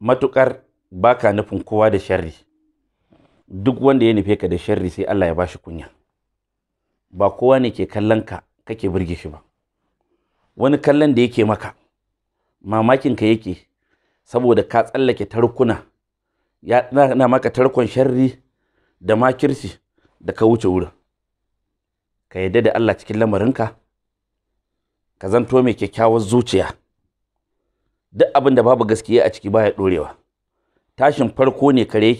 matukar baka nufin kowa da sharri duk wanda ya nufe ka da sharri sai Allah ya bashi kunya ba kowa ne ke kallon ka kake burge shi ba wani kallon da yake maka mamakin ka yake saboda ka tsallake tarkuna ya na maka tarkon sharri da makirci da ka wuce wurin ka yadda da Allah cikin lamarinka ka zanto mai kyakkyawar zuciya duk abin da babu gaskiya a ciki baya dorewa tashin farko ne kare